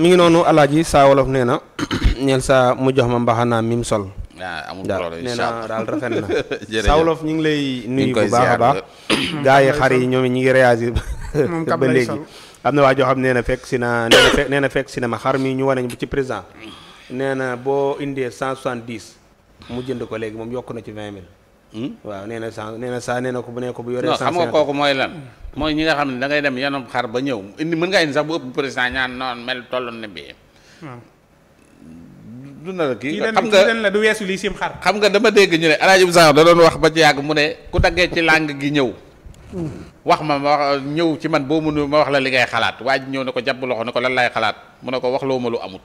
mi ngi noonu alaaji saa wolof nee na ñeel saa mu jox ma mbaxanaam mi sol. waaw ah, amul problème nee na saa wolof ñu ngi lay nuyu bu baax a baax. gaa yi xar yi ñoom ñu ngi réagir. ba léegi am na waa joo xam nee na fekk si na nee na fekk si na ma xar mi ñu wane bu ci président nee na boo indee cent soixante dix mu jënd ko léegi moom yokk na ci vingt mille. waaw nee na cent nee na saa nee na ko bu nee ko bu yoree. cent cinquante non xam nga kooku mooy lan. mooy ñi nga xam ne dangay ngay dem yanam xar ba ñëw indi mën ngaa indi sax bu ëpp président ñaan noonu mel tolloon na bi du na la kii xam nga la du weesu lii sim xar. xam nga dama dégg ñu ne El Hadj Moussa da doon wax ba ci yàgg mu ne ku daggee ci làng gi ñëw. wax ma ma wax ñëw ci man boo mënu ma wax la li xalaat waa ji ñëw ne ko jàpp loxo ne ko lan laay xalaat mu ne ko waxloo ma lu amut.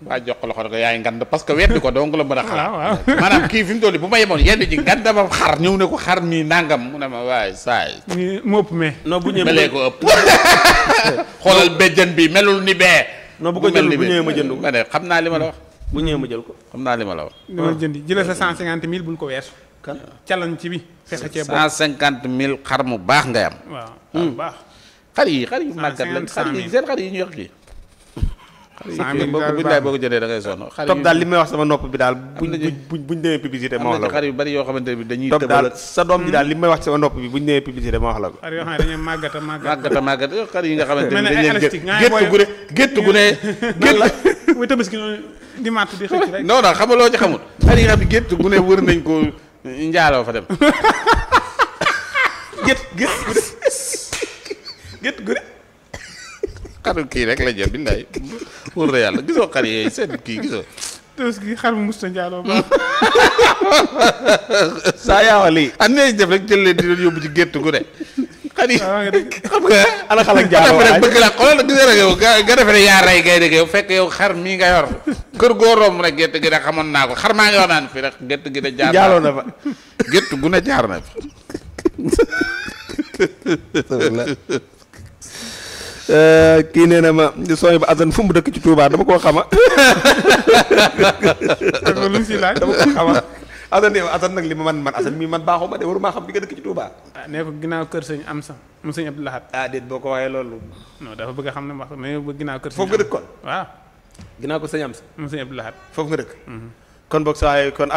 waa jox ko loxo rek yaay ngand parce que weddi ko donc la mën a xalaat maanaam kii fi mu bu ma yemoon yenn ji ngand dama xar ñëw ne ko xar mi nangam mu ne ma waaye saay xoolal béjjën bi melul ni bee non bu ko jël jënd ko ma xam naa li ma la wax bu ñëwee ma jël ko xam naa li ma la wax dama jëndi jëlee sa cent cinquante mille bul ko weesu kan challenge bi fexe cee cent cinquante mille xar mu baax ngay am waaw hmm. baax xar yi xar yu màggat lañ xar yi seen xar yi ñu yox kii cent boo ko bindaay da ngay sonn top daal li may wax sama nopp bi daal buñ buñ buñ demee publicité ma wax la ko xar yu bari yoo xamante ne bi dañuy top daal sa doom ji daal hmm. li may wax sama nopp bi buñ demee publicité ma wax la ko xar ne dañuy màggata màggata màggata eh, xar yi nga xamante ne dañ gétt gu ne la muy tabaski noonu di xam nga loo ci xamul xar yi nga xam ne gétt gu ne wër nañ ko njaaloo fa dem gétt gétt gu ne gétt gu ne xaru kii rek la jël bindaay pour yàlla gisoo xar yooyu seen kii gisoo. tës gi xar mu musta njaaloo ba. saa yaawal yi. am nañ def ci gétt gu ne. xar yi njaaloo waay xam nga fekk yow xar mii nga yor. kër goo romb rek gétt gi ne xamoon naa ko xar maa ngi naan fii rek gétt gi ne jaar jaaloo na fa. gétt gu ne jaar na fa. Euh, kii nee na ma sooy ba asan fu mu dëkk ci Touba dama koo xama lu si laaj dama koo xama asan yow asan nag li ma man man asan mii man baaxuma de waruma xam bi nga dëkk ci Touba. ah nee ko ginnaaw kër sëñ am sa mu sëñ Abdou Lahad ah boo ko waxee loolu non dafa bëgg xam ne wax mais ba ginnaaw kër foofu nga dëkk kon waaw ginnaaw ko sëñ am sa mu sëñ Abdou Lahad foofu